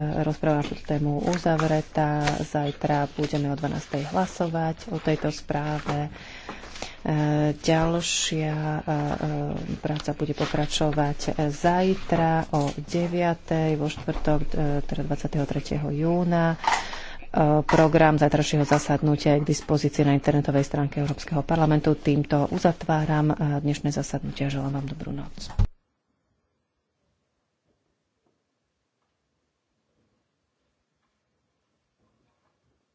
rozpráva túto tému uzavretá. Zajtra budeme o 12.00 hlasovať o tejto správe. E, ďalšia e, e, práca bude pokračovať zajtra o 9.00 vo štvrtok, teda 23. júna. Program zajtrajšieho zasadnutia je k dispozícii na internetovej stránke Európskeho parlamentu. Týmto uzatváram dnešné zasadnutie a želám vám dobrú noc.